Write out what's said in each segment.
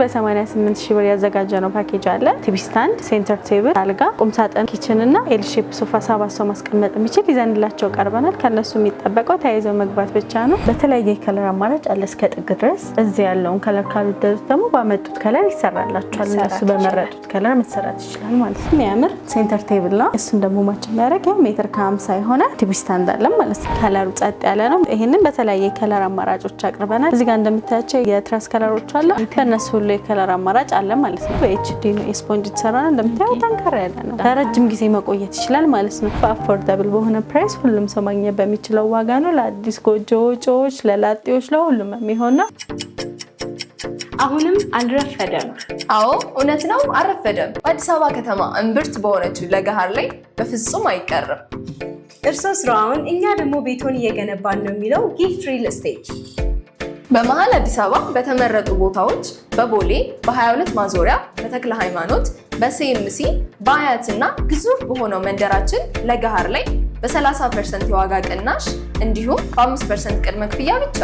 በ88 ሺ ብር ያዘጋጀ ነው ፓኬጅ አለ። ቲቪ ስታንድ፣ ሴንተር ቴብል፣ አልጋ፣ ቁምሳጥን፣ ኪችን እና ኤልሼፕ ሶፋ ሰባት ሰው ማስቀመጥ የሚችል ይዘንላቸው ቀርበናል። ከነሱ የሚጠበቀው ተያይዘው መግባት ብቻ ነው። በተለያየ ከለር አማራጭ አለ እስከ ጥግ ድረስ። እዚህ ያለውን ከለር ካልወደዱት ደግሞ ባመጡት ከለር ይሰራላቸዋል። እነሱ በመረጡት ከለር መሰራት ይችላል ማለት ነው። የሚያምር ሴንተር ቴብል ነው። እሱን ደግሞ ማች የሚያደርግ ያው ሜትር ከ የሆነ ቲቪ ስታንድ አለ ማለት ነው። ከለሩ ጸጥ ያለ ነው። ይህንን በተለያየ ከለር አማራጮች አቅርበናል። እዚህ ጋር እንደምታያቸው የትራስ ከለሮች አለ በእነሱ ሁሉ የከለር አማራጭ አለ ማለት ነው። በኤችዲ ነው የስፖንጅ የተሰራ እንደምታየው ጠንካራ ያለ ነው። ለረጅም ጊዜ መቆየት ይችላል ማለት ነው። በአፎርደብል በሆነ ፕራይስ ሁሉም ሰው ማግኘት በሚችለው ዋጋ ነው። ለአዲስ ጎጆ ወጪዎች፣ ለላጤዎች፣ ለሁሉም የሚሆን ነው። አሁንም አልረፈደም። አዎ እውነት ነው፣ አልረፈደም። በአዲስ አበባ ከተማ እምብርት በሆነችው ለገሃር ላይ በፍጹም አይቀርም። እርሶ ስራውን፣ እኛ ደግሞ ቤቶን እየገነባን ነው የሚለው ጊፍት ሪል ስቴት በመሀል አዲስ አበባ በተመረጡ ቦታዎች በቦሌ በ22 ማዞሪያ፣ በተክለ ሃይማኖት፣ በሲኤምሲ፣ በአያት እና ግዙፍ በሆነው መንደራችን ለገሃር ላይ በ30 ፐርሰንት የዋጋ ቅናሽ እንዲሁም በ5 ፐርሰንት ቅድመ ክፍያ ብቻ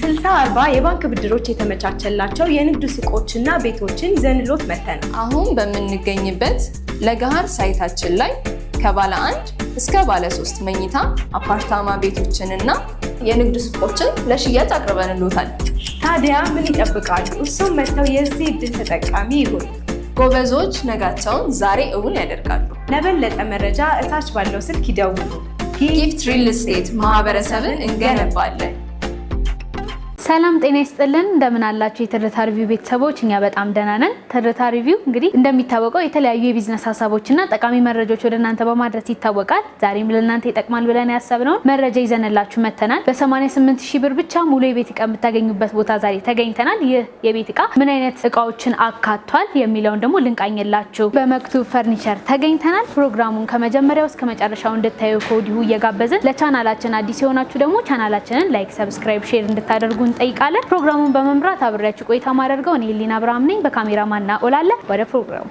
60 40 የባንክ ብድሮች የተመቻቸላቸው የንግድ ሱቆችና ቤቶችን ዘንሎት መተን አሁን በምንገኝበት ለገሃር ሳይታችን ላይ ከባለ አንድ እስከ ባለ ሶስት መኝታ አፓርታማ ቤቶችንና የንግድ ሱቆችን ለሽያጭ እንሎታል። ታዲያ ምን ይጠብቃሉ? እሱም መጥተው የዚህ እድል ተጠቃሚ ይሁን። ጎበዞች ነጋቸውን ዛሬ እውን ያደርጋሉ። ለበለጠ መረጃ እታች ባለው ስልክ ይደውሉ። ጊፍት ሪል ስቴት ማህበረሰብን እንገነባለን። ሰላም ጤና ይስጥልን። እንደምን አላችሁ የትርታ ሪቪው ቤተሰቦች? እኛ በጣም ደህና ነን። ትርታ ሪቪው እንግዲህ እንደሚታወቀው የተለያዩ የቢዝነስ ሀሳቦችና ጠቃሚ መረጃዎች ወደ እናንተ በማድረስ ይታወቃል። ዛሬም ለእናንተ ይጠቅማል ብለን ያሰብነውን መረጃ ይዘንላችሁ መተናል። በ88 ሺህ ብር ብቻ ሙሉ የቤት እቃ የምታገኙበት ቦታ ዛሬ ተገኝተናል። ይህ የቤት እቃ ምን አይነት እቃዎችን አካቷል የሚለውን ደግሞ ልንቃኝላችሁ በመክቱብ ፈርኒቸር ተገኝተናል። ፕሮግራሙን ከመጀመሪያው እስከ መጨረሻው እንድታዩ ከወዲሁ እየጋበዝን ለቻናላችን አዲስ የሆናችሁ ደግሞ ቻናላችንን ላይክ፣ ሰብስክራይብ፣ ሼር እንድታደርጉ እንጠይቃለን። ፕሮግራሙን በመምራት አብሬያችሁ ቆይታ ማደርገው እኔ ሊና ብርሃም ነኝ። በካሜራማን ማና ኦላለ ወደ ፕሮግራሙ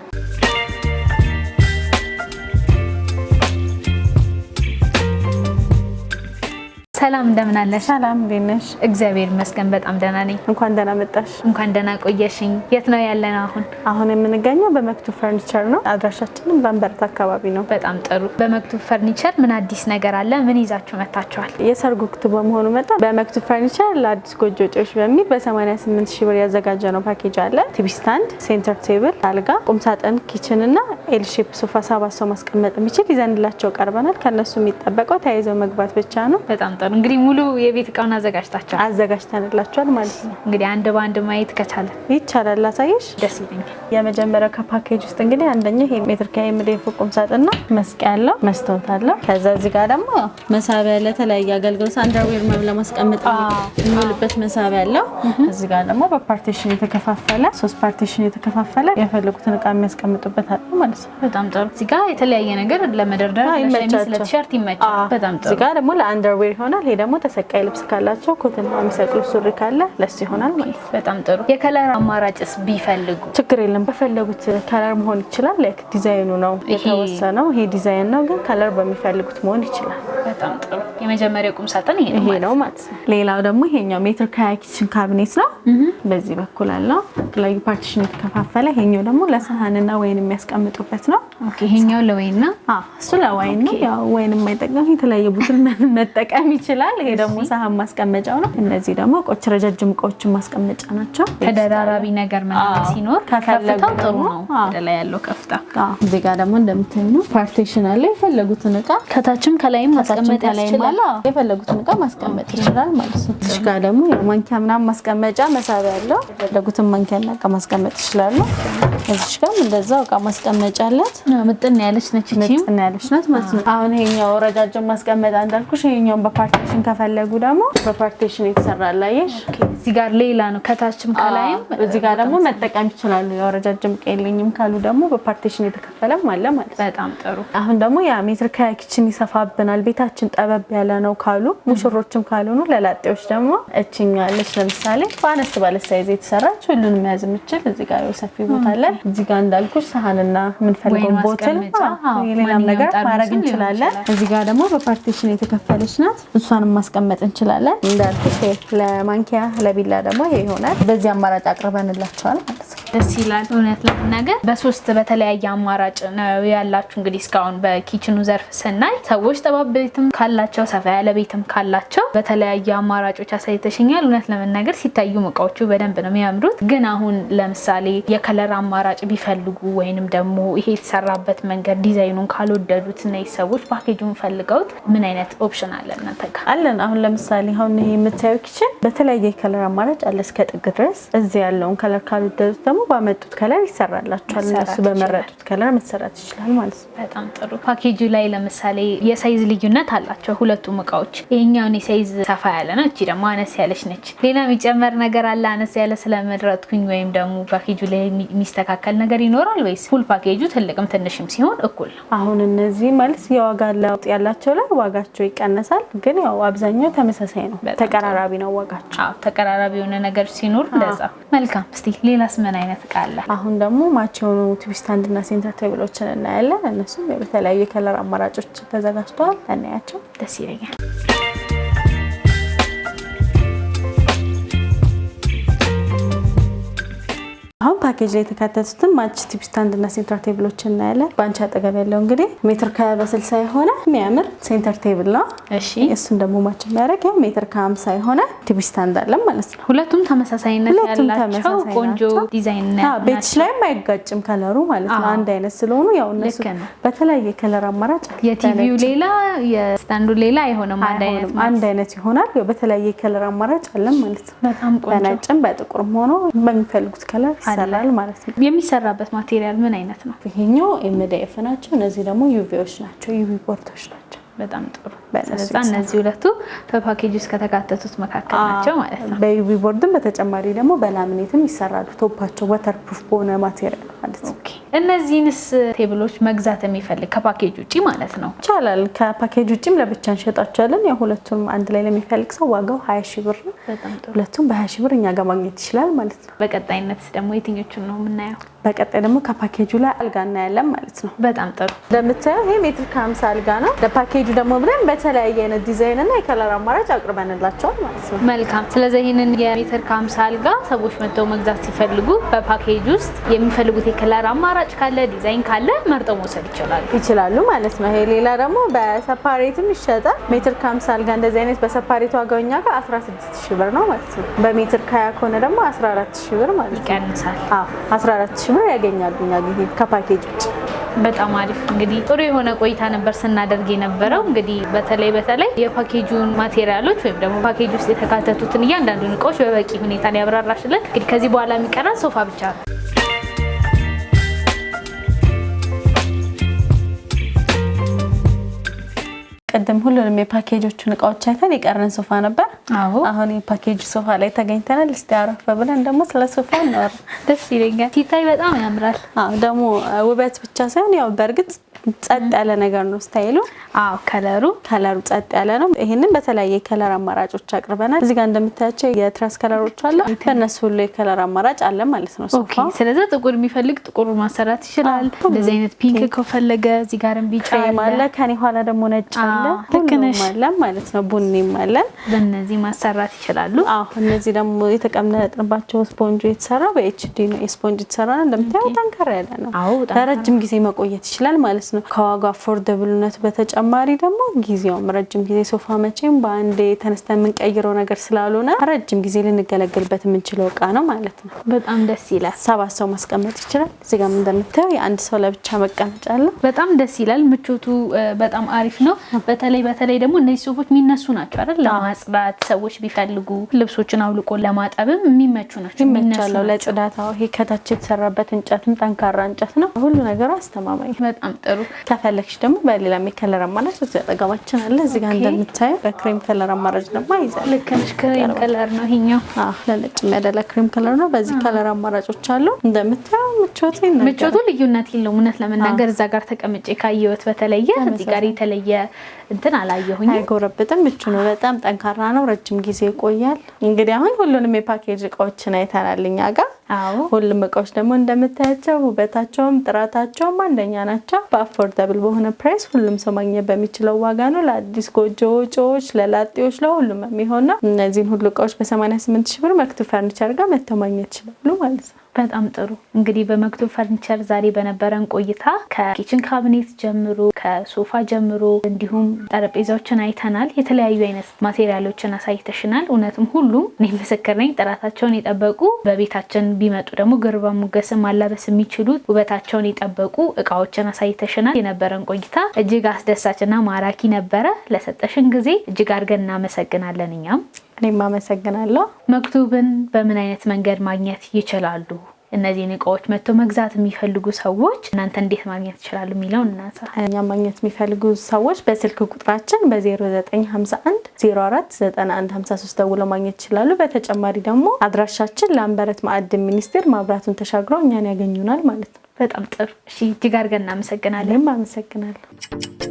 ሰላም እንደምን አለሽ? ሰላም እንዴት ነሽ? እግዚአብሔር ይመስገን በጣም ደህና ነኝ። እንኳን ደህና መጣሽ። እንኳን ደህና ቆየሽኝ። የት ነው ያለነው አሁን? አሁን የምንገኘው በመክቱብ ፈርኒቸር ነው። አድራሻችንም በንበረት አካባቢ ነው። በጣም ጥሩ። በመክቱብ ፈርኒቸር ምን አዲስ ነገር አለ? ምን ይዛችሁ መታችኋል? የሰርጉ ክቱ በመሆኑ መጣ በመክቱብ ፈርኒቸር ለአዲስ ጎጆ ወጪዎች በሚል በ88 ሺ ብር ያዘጋጀ ነው ፓኬጅ አለ። ቲቪ ስታንድ፣ ሴንተር ቴብል፣ አልጋ፣ ቁምሳጥን፣ ኪችን እና ኤልሼፕ ሶፋ ሰባት ሰው ማስቀመጥ የሚችል ይዘንላቸው ቀርበናል። ከእነሱ የሚጠበቀው ተያይዘው መግባት ብቻ ነው። በጣም ጥሩ ይመጣሉ። እንግዲህ ሙሉ የቤት እቃውን አዘጋጅታቸዋል አዘጋጅተንላቸዋል ማለት ነው። እንግዲህ አንድ በአንድ ማየት ከቻለ ይቻላል። አሳየሽ ደስ ይለኛል። የመጀመሪያው ከፓኬጅ ውስጥ እንግዲህ አንደኛው ይሄ ሜትር ከኤምዴፍ ቁምሳጥና መስቂያ አለው፣ መስታወት አለው። ከዛ እዚህ ጋር ደግሞ መሳቢያ ለተለያየ አገልግሎት አንደርዌር መብ ለማስቀመጥ የሚውልበት መሳቢያ አለው። እዚህ ጋር ደግሞ በፓርቲሽን የተከፋፈለ ሶስት ፓርቲሽን የተከፋፈለ የፈለጉትን እቃ የሚያስቀምጡበት አለ ማለት ነው። በጣም ጥሩ። እዚህ ጋር የተለያየ ነገር ለመደርደር ለሸሚዝ ለቲሸርት ይመቻል። በጣም ጥሩ። እዚህ ጋር ደግሞ ለአንደርዌር የሆነ ይሆናል። ይሄ ደግሞ ተሰቃይ ልብስ ካላቸው ኮትና የሚሰቅሉ ሱሪ ካለ ለሱ ይሆናል ማለት ነው። በጣም ጥሩ። የከለር አማራጭስ ቢፈልጉ ችግር የለም። በፈለጉት ከለር መሆን ይችላል። ላይክ ዲዛይኑ ነው የተወሰነው። ይሄ ዲዛይን ነው ግን ከለር በሚፈልጉት መሆን ይችላል። በጣም ጥሩ የመጀመሪያው ቁም ሳጥን ይሄ ነው ማለት ነው። ሌላው ደግሞ ይሄኛው ሜትር ከሀያ ኪችን ካቢኔት ነው። በዚህ በኩል አለው የተለያዩ ፓርቲሽን የተከፋፈለ። ይሄኛው ደግሞ ለሰሃንና ወይን የሚያስቀምጡበት ነው። ይሄኛው ለወይን ነው፣ እሱ ለወይን ነው። ያው ወይን የማይጠቀም የተለያየ ቡትል መጠቀም ይችላል። ይሄ ደግሞ ሰሃን ማስቀመጫው ነው። እነዚህ ደግሞ እቃዎች ረጃጅም እቃዎችን ማስቀመጫ ናቸው። ተደራራቢ ነገር ምናምን ሲኖር ከፍታው ጥሩ ነው። ላይ ያለው ከፍታ እዚህ ጋር ደግሞ እንደምታዩ ፓርቲሽን አለ። የፈለጉትን እቃ ከታችም ከላይም ማስቀመጥ ያስችላል። በኋላ የፈለጉትን እቃ ማስቀመጥ ይችላል ማለት ነው። እዚህ ጋር ደግሞ ማንኪያ ምናምን ማስቀመጫ መሳቢያ ያለው የፈለጉትን ማንኪያና እቃ ማስቀመጥ ይችላሉ። እዚሽ ጋር እንደዛው እቃ ማስቀመጫ አላት። ምጥን ያለች ነች፣ ምጥን ያለች ናት ማለት ነው። አሁን ይሄኛው ረጃጅም ማስቀመጫ እንዳልኩሽ፣ ይሄኛውን በፓርቴሽን ከፈለጉ ደግሞ በፓርቴሽን የተሰራ የሽ እዚህ ጋር ሌላ ነው ከታችም ከላይም እዚህ ጋር ደግሞ መጠቀም ይችላሉ። ያው ረጃጅም እቃ የለኝም ካሉ ደግሞ በፓርቴሽን የተከፈለም አለ ማለት ነው። በጣም ጥሩ። አሁን ደግሞ ያ ሜትር ከያ ኪችን ይሰፋብናል፣ ቤታችን ጠበብ ያለ ነው ካሉ ሙሽሮችም ካልሆኑ ለላጤዎች ደግሞ እችኛለች። ለምሳሌ በአነስ ባለ ሳይዝ የተሰራች ሁሉንም መያዝ የምችል እዚህ ጋር ሰፊ ቦታ አለን። እዚህ ጋር እንዳልኩሽ ሳህንና የምንፈልገውን ቦትል ሌላም ነገር ማድረግ እንችላለን። እዚህ ጋር ደግሞ በፓርቲሽን የተከፈለች ናት፣ እሷንም ማስቀመጥ እንችላለን። እንዳልኩሽ ለማንኪያ ለቢላ ደግሞ ይሆናል። በዚህ አማራጭ አቅርበንላቸዋል ማለት ነው። ደስ ይላል። እውነት ለመናገር በሶስት በተለያየ አማራጭ ነው ያላችሁ። እንግዲህ እስካሁን በኪችኑ ዘርፍ ስናይ ሰዎች ጠባብ ቤትም ካላቸው ሰፋ ያለ ቤትም ካላቸው በተለያየ አማራጮች አሳይተሽኛል። እውነት ለመናገር ሲታዩ እቃዎቹ በደንብ ነው የሚያምሩት። ግን አሁን ለምሳሌ የከለር አማራጭ ቢፈልጉ ወይንም ደግሞ ይሄ የተሰራበት መንገድ ዲዛይኑን ካልወደዱት እና ሰዎች ፓኬጁን ፈልገውት ምን አይነት ኦፕሽን አለ እናንተ ጋር አለን? አሁን ለምሳሌ አሁን ይሄ የምታየው ኪችን በተለያየ የከለር አማራጭ አለ እስከ ጥግ ድረስ። እዚህ ያለውን ከለር ካልወደዱት ደግሞ ደግሞ ባመጡት ከለር ይሰራላቸዋል። እነሱ በመረጡት ከለር መሰራት ይችላል ማለት ነው። በጣም ጥሩ። ፓኬጁ ላይ ለምሳሌ የሳይዝ ልዩነት አላቸው ሁለቱም እቃዎች። ይሄኛውን የሳይዝ ሰፋ ያለ ነው፣ እቺ ደግሞ አነስ ያለች ነች። ሌላ የሚጨመር ነገር አለ? አነስ ያለ ስለመድረጥኩኝ ወይም ደግሞ ፓኬጁ ላይ የሚስተካከል ነገር ይኖራል ወይስ ሁል ፓኬጁ ትልቅም ትንሽም ሲሆን እኩል ነው? አሁን እነዚህ ማለት የዋጋ ለውጥ ያላቸው ላይ ዋጋቸው ይቀነሳል፣ ግን ያው አብዛኛው ተመሳሳይ ነው። ተቀራራቢ ነው ዋጋቸው። ተቀራራቢ የሆነ ነገር ሲኖር ለዛ መልካም። እስኪ ሌላስ ምን አይነት እቃ አለ። አሁን ደግሞ ማች የሆኑ ትዊስት አንድና ሴንተር ቴብሎችን እናያለን። እነሱም በተለያዩ የከለር አማራጮች ተዘጋጅተዋል። እናያቸው። ደስ ይለኛል። አሁን ፓኬጅ ላይ የተካተቱትን ማች ቲፕ ስታንድ እና ሴንተር ቴብሎች እናያለን። በአንቺ አጠገብ ያለው እንግዲህ ሜትር ከሀያ በስልሳ የሆነ የሚያምር ሴንተር ቴብል ነው። እሺ እሱን ደግሞ ማች የሚያደርግ ያው ሜትር ከሀምሳ የሆነ ቲቪ ስታንድ አለን ማለት ነው። ሁለቱም ተመሳሳይነት ያላቸው ቆንጆ ዲዛይን ነው። ቤትሽ ላይም አይጋጭም ከለሩ ማለት ነው። አንድ አይነት ስለሆኑ ያው እነሱ በተለያየ ከለር አማራጭ የቲቪው ሌላ የስታንዱ ሌላ አይሆንም፣ አንድ አይነት ይሆናል። በተለያየ ከለር አማራጭ አለን ማለት ነው። በጣም ቆንጆ በነጭም በጥቁርም ሆኖ በሚፈልጉት ከለር ይሰራል ማለት ነው። የሚሰራበት ማቴሪያል ምን አይነት ነው? ይሄኛው ኤምዲኤፍ ናቸው። እነዚህ ደግሞ ዩቪዎች ናቸው፣ ዩቪ ቦርዶች ናቸው። በጣም ጥሩ። ስለዛ እነዚህ ሁለቱ በፓኬጅ ውስጥ ከተካተቱት መካከል ናቸው ማለት ነው። በዩቪ ቦርድም በተጨማሪ ደግሞ በላምኔትም ይሰራሉ። ቶፓቸው ወተር ፕሩፍ በሆነ ማቴሪያል ማለት ነው። እነዚህንስ ቴብሎች መግዛት የሚፈልግ ከፓኬጅ ውጭ ማለት ነው ይቻላል። ከፓኬጅ ውጭም ለብቻ እንሸጣቸዋለን። የሁለቱም አንድ ላይ ለሚፈልግ ሰው ዋጋው ሀያ ሺ ብር ነው። ሁለቱም በሀያ ሺ ብር እኛ ጋር ማግኘት ይችላል ማለት ነው። በቀጣይነት ደግሞ የትኞቹን ነው የምናየው? በቀጣይ ደግሞ ከፓኬጁ ላይ አልጋ እናያለን ማለት ነው። በጣም ጥሩ። እንደምታየው ይሄ ሜትር ከሀምሳ አልጋ ነው። ለፓኬጁ ደግሞ ብለን በተለያየ አይነት ዲዛይን እና የከለር አማራጭ አቅርበንላቸዋል ማለት ነው። መልካም። ስለዚህ ይህንን የሜትር ከሀምሳ አልጋ ሰዎች መጥተው መግዛት ሲፈልጉ በፓኬጅ ውስጥ የሚፈልጉት የከለር አማራጭ ካለ ዲዛይን ካለ መርጠው መውሰድ ይችላሉ ይችላሉ ማለት ነው። ይሄ ሌላ ደግሞ በሰፓሬትም ይሸጣል። ሜትር ከሀምሳ አልጋ እንደዚህ አይነት በሰፓሬት ዋጋው እኛ ጋር 16 ሺ ብር ነው ማለት ነው። በሜትር ከሀያ ከሆነ ደግሞ 14 ሺ ብር ማለት ነው ይቀንሳል። 14 ሆኖ ያገኛሉ እኛ ጊዜ ከፓኬጅ ውጭ። በጣም አሪፍ እንግዲህ ጥሩ የሆነ ቆይታ ነበር ስናደርግ የነበረው። እንግዲህ በተለይ በተለይ የፓኬጁን ማቴሪያሎች ወይም ደግሞ ፓኬጅ ውስጥ የተካተቱትን እያንዳንዱን እቃዎች በበቂ ሁኔታ ያብራራሽልን። እንግዲህ ከዚህ በኋላ የሚቀራ ሶፋ ብቻ ነው። ቅድም ሁሉንም የፓኬጆቹን እቃዎች አይተን የቀረን ሶፋ ነበር። አሁን የፓኬጅ ሶፋ ላይ ተገኝተናል። እስቲ አረፈ ብለን ደግሞ ስለ ሶፋ እናወራ። ደስ ይለኛል። ሲታይ በጣም ያምራል። ደግሞ ውበት ብቻ ሳይሆን ያው በእርግጥ ጸጥ ያለ ነገር ነው ስታይሉ። አዎ ከለሩ ከለሩ ጸጥ ያለ ነው። ይሄንን በተለያየ ከለር አማራጮች አቅርበናል። እዚህ ጋር እንደምታያቸው የትራስ ከለሮች አለ። በእነሱ ሁሉ የከለር አማራጭ አለ ማለት ነው። ስለዚህ ጥቁር የሚፈልግ ጥቁር ማሰራት ይችላል። እንደዚህ አይነት ፒንክ ከፈለገ እዚህ ጋርም ቢጫ አለ። ከኔ ኋላ ደግሞ ነጭ አለ አለን ማለት ነው። ቡኒም አለን። በእነዚህ ማሰራት ይችላሉ። አዎ እነዚህ ደግሞ የተቀመጠባቸው ስፖንጁ የተሰራ በኤችዲ ነው። የስፖንጅ የተሰራ እንደምታየው ጠንከር ያለ ነው። ለረጅም ጊዜ መቆየት ይችላል ማለት ነው። ከዋጋ አፎርደብልነት በተጨማሪ ደግሞ ጊዜውም ረጅም ጊዜ ሶፋ መቼም በአንዴ ተነስተን የምንቀይረው ነገር ስላልሆነ ረጅም ጊዜ ልንገለገልበት የምንችለው እቃ ነው ማለት ነው። በጣም ደስ ይላል። ሰባት ሰው ማስቀመጥ ይችላል። እዚጋ እንደምታየው የአንድ ሰው ለብቻ መቀመጫ አለው። በጣም ደስ ይላል። ምቾቱ በጣም አሪፍ ነው። በተለይ በተለይ ደግሞ እነዚህ ሶፎች የሚነሱ ናቸው አይደል? ለማጽዳት ሰዎች ቢፈልጉ ልብሶችን አውልቆ ለማጠብም የሚመቹ ናቸው። ለጽዳት። ይሄ ከታች የተሰራበት እንጨትም ጠንካራ እንጨት ነው። ሁሉ ነገሩ አስተማማኝ። በጣም ጥሩ። ከፈለግሽ ደግሞ በሌላ የከለር አማራጭ እዚህ አጠገባችን አለ። እዚህ ጋር እንደምታየው በክሬም ከለር አማራጭ ደግሞ ይዛል። ልክ ነሽ። ክሬም ከለር ነው ይሄኛው። ለነጭ የሚያደላ ክሬም ከለር ነው። በዚህ ከለር አማራጮች አሉ። እንደምታየው ምቾት ምቾቱ ልዩነት የለውም። እውነት ለመናገር እዛ ጋር ተቀምጬ ካየሁት በተለየ እዚህ ጋር የተለየ እንትን አላየሁኝ። አይጎረብጥም፣ ምቹ ነው፣ በጣም ጠንካራ ነው፣ ረጅም ጊዜ ይቆያል። እንግዲህ አሁን ሁሉንም የፓኬጅ እቃዎችን አይተናል እኛ ጋር። ሁሉም እቃዎች ደግሞ እንደምታያቸው ውበታቸውም ጥራታቸውም አንደኛ ናቸው። በአፎርደብል በሆነ ፕራይስ ሁሉም ሰው ማግኘት በሚችለው ዋጋ ነው። ለአዲስ ጎጆ ወጪዎች፣ ለላጤዎች፣ ለሁሉም የሚሆን ነው። እነዚህን ሁሉ እቃዎች በ88 ሺ ብር መክቱ ፈርኒቸር ጋር መተው ማግኘት ይችላሉ ማለት ነው። በጣም ጥሩ እንግዲህ በመክቱም ፈርኒቸር ዛሬ በነበረን ቆይታ ከኪችን ካቢኔት ጀምሮ ከሶፋ ጀምሮ እንዲሁም ጠረጴዛዎችን አይተናል። የተለያዩ አይነት ማቴሪያሎችን አሳይተሽናል። እውነትም ሁሉም እኔ ምስክር ነኝ ጥራታቸውን የጠበቁ በቤታችን ቢመጡ ደግሞ ግርባ ሙገስ ማላበስ የሚችሉት ውበታቸውን የጠበቁ እቃዎችን አሳይተሽናል። የነበረን ቆይታ እጅግ አስደሳችና ማራኪ ነበረ። ለሰጠሽን ጊዜ እጅግ አድርገን እናመሰግናለን እኛም እኔም አመሰግናለሁ። መክቱብን በምን አይነት መንገድ ማግኘት ይችላሉ? እነዚህን እቃዎች መጥቶ መግዛት የሚፈልጉ ሰዎች እናንተ እንዴት ማግኘት ይችላሉ የሚለው እናንሳ። እኛ ማግኘት የሚፈልጉ ሰዎች በስልክ ቁጥራችን በ0951 049153 ደውለው ማግኘት ይችላሉ። በተጨማሪ ደግሞ አድራሻችን ለአንበረት ማዕድን ሚኒስቴር ማብራቱን ተሻግረው እኛን ያገኙናል ማለት ነው። በጣም ጥሩ። እሺ፣ እጅግ አድርገን እናመሰግናለን። አመሰግናለሁ።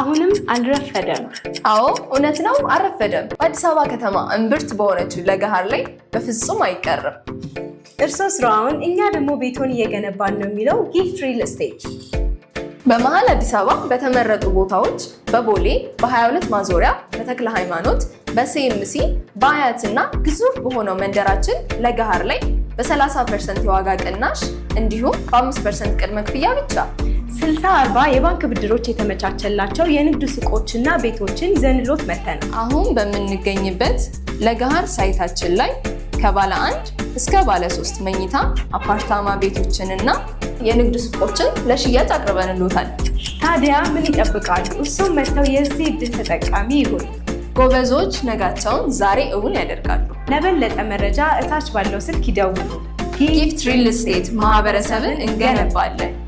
አሁንም አልረፈደም። አዎ እውነት ነው፣ አልረፈደም። በአዲስ አበባ ከተማ እምብርት በሆነችው ለገሃር ላይ በፍጹም አይቀርም። እርሶ ስራውን፣ እኛ ደግሞ ቤቶን እየገነባን ነው የሚለው ጊፍት ሪል ስቴት በመሀል አዲስ አበባ በተመረጡ ቦታዎች በቦሌ በ22 ማዞሪያ፣ በተክለ ሃይማኖት፣ በሲኤምሲ፣ በአያት እና ግዙፍ በሆነው መንደራችን ለገሃር ላይ በ30 ፐርሰንት የዋጋ ቅናሽ እንዲሁም በ5 ፐርሰንት ቅድመ ክፍያ ብቻ ስልሳ አርባ የባንክ ብድሮች የተመቻቸላቸው የንግድ ሱቆችና ቤቶችን ይዘንሎት መተን አሁን በምንገኝበት ለገሃር ሳይታችን ላይ ከባለ አንድ እስከ ባለ ሶስት መኝታ አፓርታማ ቤቶችንና የንግድ ሱቆችን ለሽያጭ እንሎታል። ታዲያ ምን ይጠብቃሉ? እሱም መጥተው የዚህ ዕድል ተጠቃሚ ይሁን። ጎበዞች ነጋቸውን ዛሬ እውን ያደርጋሉ። ለበለጠ መረጃ እታች ባለው ስልክ ይደውሉ። ጊፍት ሪል ስቴት ማህበረሰብን እንገነባለን።